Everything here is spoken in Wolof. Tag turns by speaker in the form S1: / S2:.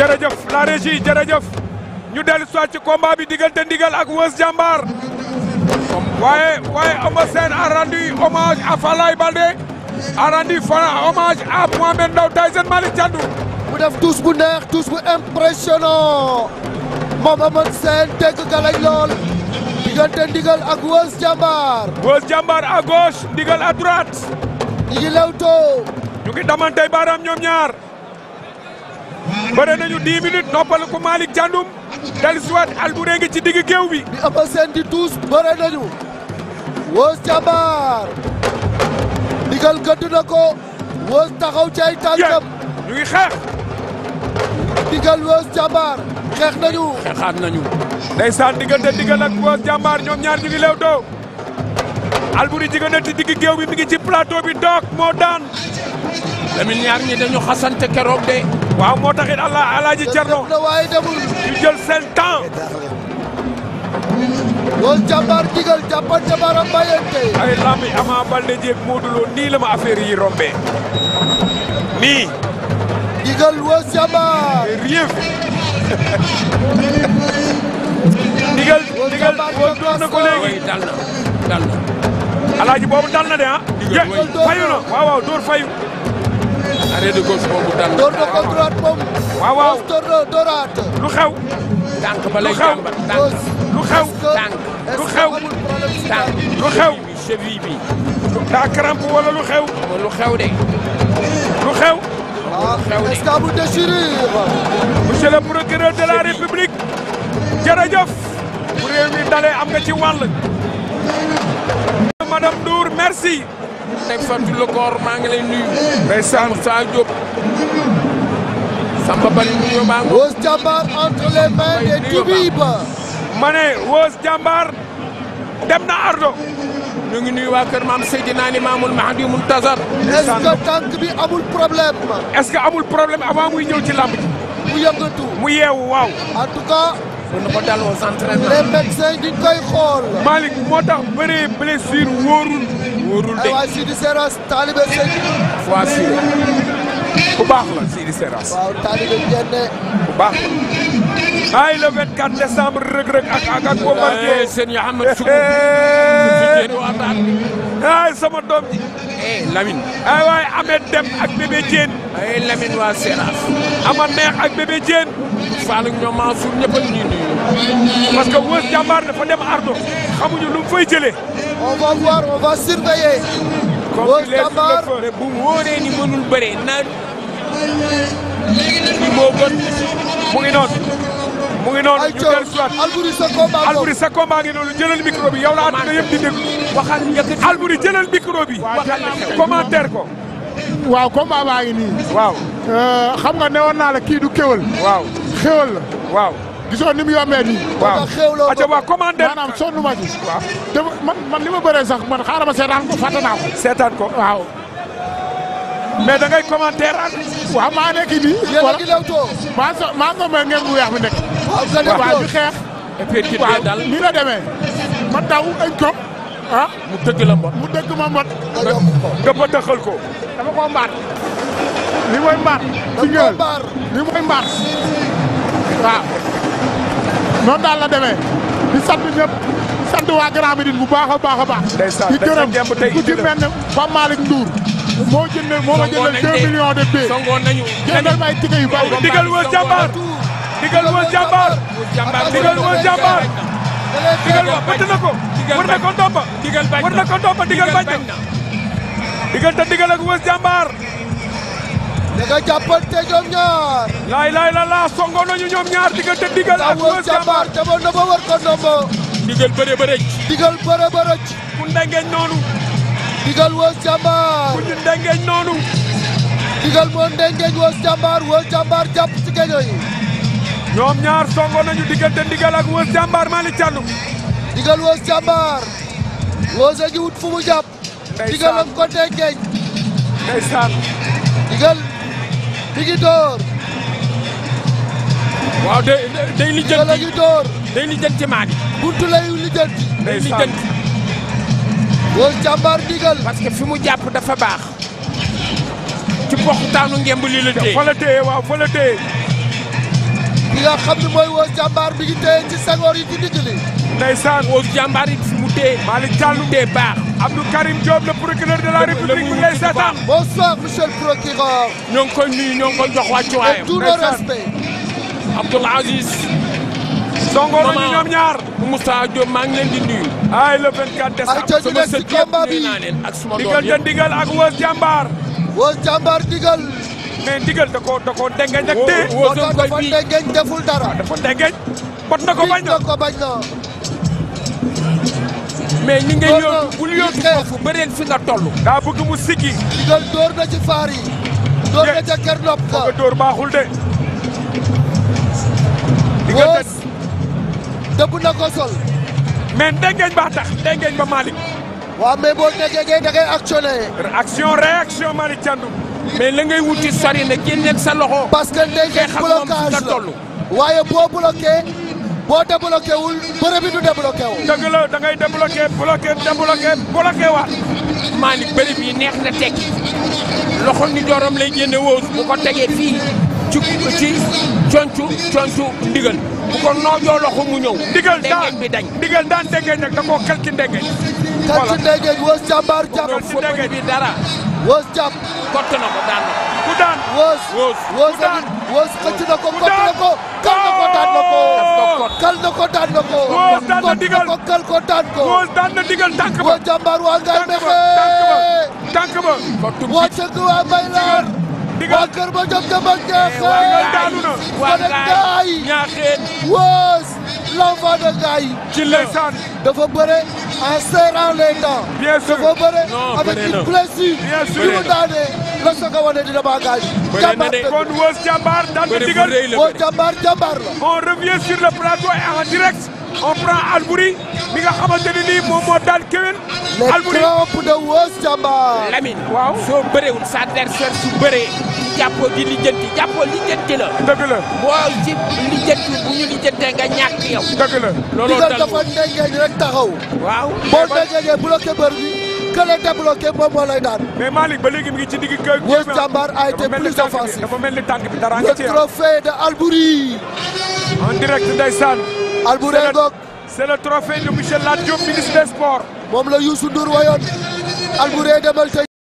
S1: jërëjëf la régie jërëjëf ñu dellu soit ci combat bi diggante ndigal ak Weuz Diambar waaye waaye Eumeu Sène a rendu hommage à Falaye Baldé a rendu hommage à Mohamed Ndao Tyson mu def tous bu neex tous bu impressionnant moom Eumeu Sène dégg galañ lool diggante ndigal ak Weuz Diambar Weuz Diambar à gauche ndigal à droite ñi ngi lewtoo ñu ngi damantey baaraam ñoom ñaar bëre nañu 10 minutes noppal ko Malick Thiandoum dellu si waat Alboury ngi ci digg géew bi. bi Eumeu Sène di tuus bëre nañu. Weuz càmbar. ndigal gëdd na ko. Weuz taxaw ci ay tànkam. ñu ngi xeex. ndigal Weuz càmbar xeex nañu. xeexaat nañu. ndeysaan diggante ndigal ak Weuz càmbar ñoom ñaar ñu ngi leew doo. Alboury jigéen na ci digg géew bi mi ngi ci plateau bi doog moo daan. Lamine ñaar ñi dañu xasante keroog de. waaw moo taxit allah alaaji Cerno ñu jël seen temps. loolu jàmbaar digal jàppante baram bàyyante ay lambi Ama Baldé jéeg Modou Lo nii la ma affaire yi rombee nii digal wës jàmbaar rien digal digal wës door na ko alaaji boobu dal de ah fayu na waaw waaw fayu arrêt de gauche boobu daan door na ko droite boobu. waaw waaw door na dooraat. lu xew. tànk ba lay jàmbat tànk lu xew tànk lu xew tànk lu xew. cheville bi daa crampe wala lu xew. lu xew de. lu xew. Ah, xew de est-ce que amul déchirure. monsieur le procureur de la république. jërëjëf. bu réew mi dalee am nga ci wàll. madame Ndour merci. teg fatu le corps maa ngi lay nuyu. ndeysaan Moussa Diop. Samba maa ngi. Weuz Diambar entre les mains des Toubib. ma ne Weuz Diambar dem na Ardo. ñu ngi waa kër maam Seydina ni maamul Mahdi Muntazar. est-ce que tànk bi amul problème. est-ce que amul problème avant muy ñëw ci làmb ji. mu yëngatu mu yeewu waaw. en tout mën na ko dal aux entraînements. les médecins duñ koy xool. Malick moo tax bëree blessure wóorul. wóorul de ah aywa Sidi Seras baax la Sidi Seras. waaw taalibe Diène. baax la. ay le 24 décembre Reug Reug ak ak ak Bombardier. Eh, sëñ Yaxam eh. sama doom ji. eh Lamine. ay waay ak bébé Diène. Eh, ay waa Seras. ama neex ak bébé faal ak ñoom Mansour ñëpp a ñuy parce que Weuz jàmbaar dafa dem Ardo xamuñu lu mu fay jëlee. on va voir on va surveiller. Weuz jàmbaar comme bu mu wóoree ni mënul bëree naan lii moo mu ngi noonu. mu ngi noonu ñu dellu si waat Alboury sa combat Alboury sa combat ngi noonu jëlal micro bi yow la àdduna yëpp di déglu. waxal njëkk Alboury jëlal micro bi. waxal commentaire ko. waaw combat baa ngi nii. waaw. Euh, xam nga newoon naa la kii du kéwal. waaw. xéwal la. waaw gisoo ni yombee nii. waaw xéwloo ko waaw commandé. maanaam sonn ma li ma bëree sax man seetaan ko fàtte seetaan ko waaw. mais da ngay commentaire ak. waaw maa nekk nii. a ngi Leewtoo maa so maa ngi mel ngeen bu xeex. nii la demee. ma daw añ ko. Ah. mu dëgg la mu dëgg ma mbot. nga ko. dama ko mbaat. li mooy mbaat. li mooy mbaat. waaw noonu daal la demee di sant ñëpp di sant waa Grand Médine bu baax a baax a baax. di gërëm ku ci mel ne Pape Malick Ndour. moo jëndee moo ma jëndee 2 de billets. songoon nañu jëndal may tike yu bari. digal woon jàmbaar digal woon jàmbaar. digal ko. war na ko toppa war na ko toppa digal bañ na digal ña nga jàppante ñoom ñaar. laay laay la laa songoon nañu ñoom ñaar diggante digal ak. Weuz Jambar demoon na ba war ko ndombo. digal bëre bërëj. digal bëre bërëj. ku ndengeñ noonu. digal Weuz Jambar. ku ñu noonu. digal moo ndengeñ Weuz Jambar Weuz Jambar jàpp ci geño yi. ñoom ñaar songoon nañu diggante digal ak Weuz Jambar Malick Thiandou. digal Jambar. Weuz a ngi wut fu Diggi door. waaw day day lijjanti day lijjanti maa jàmbaar ndigal. parce fi mu jàpp dafa baax. ci poxtaanu ngemb li la téye. fa waaw fa la xam ne mooy woos jàmbaar bi ngi téye ci sangoor yi ci digg li. ndeysaan woos jàmbaar it fi mu téye. Malick Thiam lu téye baax. Abdou Karim Diop le procureur de la République bu lay seetaan. bonsoir monsieur le procureur. ñoo ngi koy nuyu ñoo ngi koy jox wàccuwaayam. et tout le respect. Abdoulaye Aziz. songo nañu ñoom ñaar. Moussa Diop maa ngi leen di nuyu. ay le 24 décembre sama sët yëpp nuyu naa leen ak suma doom yëpp digal te digal ak Wos Jàmbaar. Wos Jàmbaar digal. mais koo da koo dengeñ ak. woo woo dafa dengeñ deful dara. dafa dengeñ. bot na bañ na. mais ñi nga yóotu bul yóotu foofu bëreel fi nga toll. daa bëgg mu siggi. digal door na ci faar yi. door na ca kër nopp ka nga door baaxul de. digal na ko sol. mais ndengeñ ba tax ndengeñ ba Malick. waaw mais boo déggee da ngay actionné. action réaction Malick Thiandoum. mais la ngay wuti sori na génneel sa loxo. parce que ndengeñ blocage la xeexal moom fi nga toll. boo débloqué wul bëre bi du débloqué wu. dëgg la da ngay débloqué bloqué débloqué bloqué waat. maa ni bëre bi neex na tekki loxo ni joorom lay génne wóos bu ko tegee fii ci ci concu concu ndigal. bu ko noojoo loxo mu ñëw. daan bi dañ. ndigal daan déggee nag da koo kalki ndegeñ. voilà kalki ndegeñ wóos jàmbaar jàpp. kalki bi dara. wóos jàpp. kott na ko daan na ko. ku daan wóos. wóos ku daan wóos xëcc na ko kott ko. daan na ko. kal na ko daan na ko. woos daan na digal ko kal ko daan ko. woos daan na digal tànk ba. waa jàmbaar waa Ngaye Mékhé. tànk ba tànk ba. waa Cëgg waa Baylar. digal waa Kër la sa nga wane dina bagage. jàmbaar de kon Weuz jàmbaar daan na digal Weuz jàmbaar jàmbaar la. on revient sur le plateau et en direct on prend Albouri mi nga xamante ne moom moo daan Keweul. Albouri les soo bëreewul sa adversaire su bëree jàppoo di lijjanti jàppoo la. boo ci lijjanti bu ñu lijjantee nga ñàkk yow. dëgg dafa ndengeeñ rek taxaw. waaw boo ndengeeñee bloqué bër bi. kële débloqué moom moo lay daan. mais Malick ba léegi mi ngi ci digg a été trophée de Albouri. en le trophée de Michel Lat Diop moom la Youssou Ndour wayoon. Albouri demal tey